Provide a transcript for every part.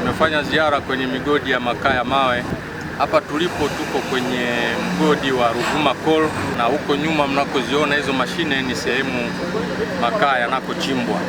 Tumefanya ziara kwenye migodi ya makaa ya mawe. Hapa tulipo tuko kwenye mgodi wa Ruvuma Coal, na huko nyuma mnakoziona hizo mashine ni sehemu makaa yanakochimbwa.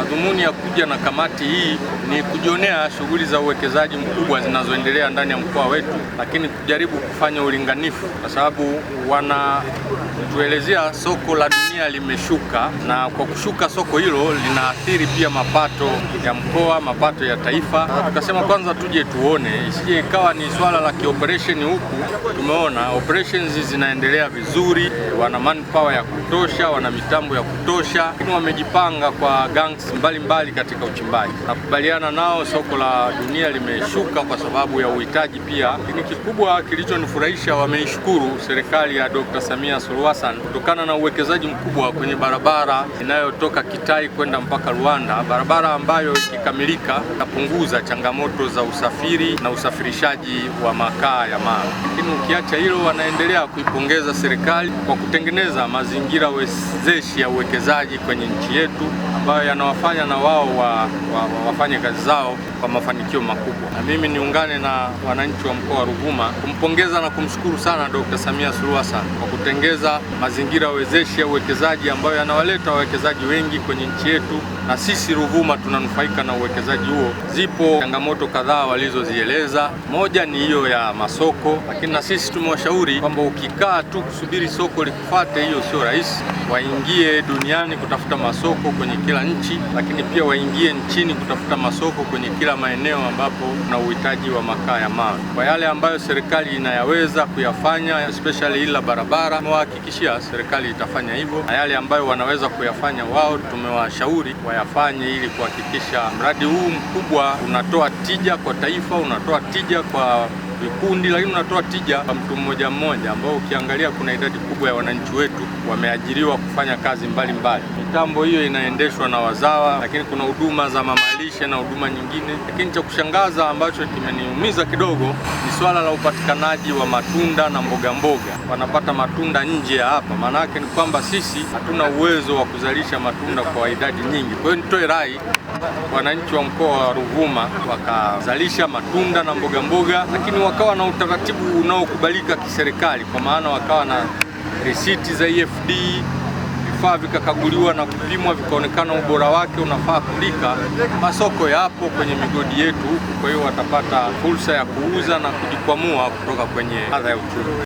Madhumuni ya kuja na kamati hii ni kujionea shughuli za uwekezaji mkubwa zinazoendelea ndani ya mkoa wetu, lakini kujaribu kufanya ulinganifu, kwa sababu wanatuelezea soko la dunia limeshuka, na kwa kushuka soko hilo linaathiri pia mapato ya mkoa, mapato ya taifa. Tukasema kwanza tuje tuone, isije ikawa ni swala la kioperesheni. Huku tumeona operations zinaendelea vizuri, wana manpower ya kutosha, wana mitambo ya kutosha, lakini wamejipanga kwa gangs mbalimbali mbali katika uchimbaji. Nakubaliana nao, soko la dunia limeshuka kwa sababu ya uhitaji pia, lakini kikubwa kilichonifurahisha, wameishukuru serikali ya Dr. Samia Suluhu Hassan kutokana na uwekezaji mkubwa kwenye barabara inayotoka Kitai kwenda mpaka Rwanda, barabara ambayo ikikamilika itapunguza changamoto za usafiri na usafirishaji wa makaa ya mawe. Lakini ukiacha hilo, wanaendelea kuipongeza serikali kwa kutengeneza mazingira wezeshi ya uwekezaji kwenye nchi yetu ambayo yanawafanya na wao wa, wa, wa, wafanye kazi zao kwa mafanikio makubwa, na mimi niungane na wananchi wa mkoa wa Ruvuma kumpongeza na kumshukuru sana Dr. Samia Suluhu Hassan kwa kutengeza mazingira wezeshi ya uwekezaji ambayo yanawaleta wawekezaji wengi kwenye nchi yetu, na sisi Ruvuma tunanufaika na uwekezaji huo. Zipo changamoto kadhaa walizozieleza, moja ni hiyo ya masoko, lakini na sisi tumewashauri kwamba ukikaa tu kusubiri soko likufate, hiyo sio rahisi. Waingie duniani kutafuta masoko kwenye kila nchi, lakini pia waingie nchini kutafuta masoko kwenye kila kila maeneo ambapo kuna uhitaji wa makaa ya mawe. Kwa yale ambayo serikali inayaweza kuyafanya, especially ila barabara, tumewahakikishia serikali itafanya hivyo, na yale ambayo wanaweza kuyafanya wao tumewashauri wayafanye, ili kuhakikisha mradi huu mkubwa unatoa tija kwa taifa, unatoa tija kwa vikundi, lakini unatoa tija kwa mtu mmoja mmoja, ambao ukiangalia kuna idadi kubwa ya wananchi wetu wameajiriwa kufanya kazi mbalimbali. Mitambo hiyo inaendeshwa na wazawa, lakini kuna huduma za mamalishe na huduma nyingine. Lakini cha kushangaza ambacho kimeniumiza kidogo ni swala la upatikanaji wa matunda na mboga mboga. Wanapata matunda nje ya hapa, maanake ni kwamba sisi hatuna uwezo wa kuzalisha matunda kwa idadi nyingi. Kwa hiyo nitoe rai wananchi wa mkoa wa Ruvuma wakazalisha matunda na mboga mboga, lakini wakawa na utaratibu unaokubalika kiserikali, kwa maana wakawa na risiti za EFD, vifaa vikakaguliwa na kupimwa vikaonekana ubora wake unafaa kulika. Masoko yapo kwenye migodi yetu kwa hiyo watapata fursa ya kuuza na kujikwamua kutoka kwenye adha ya uchumi.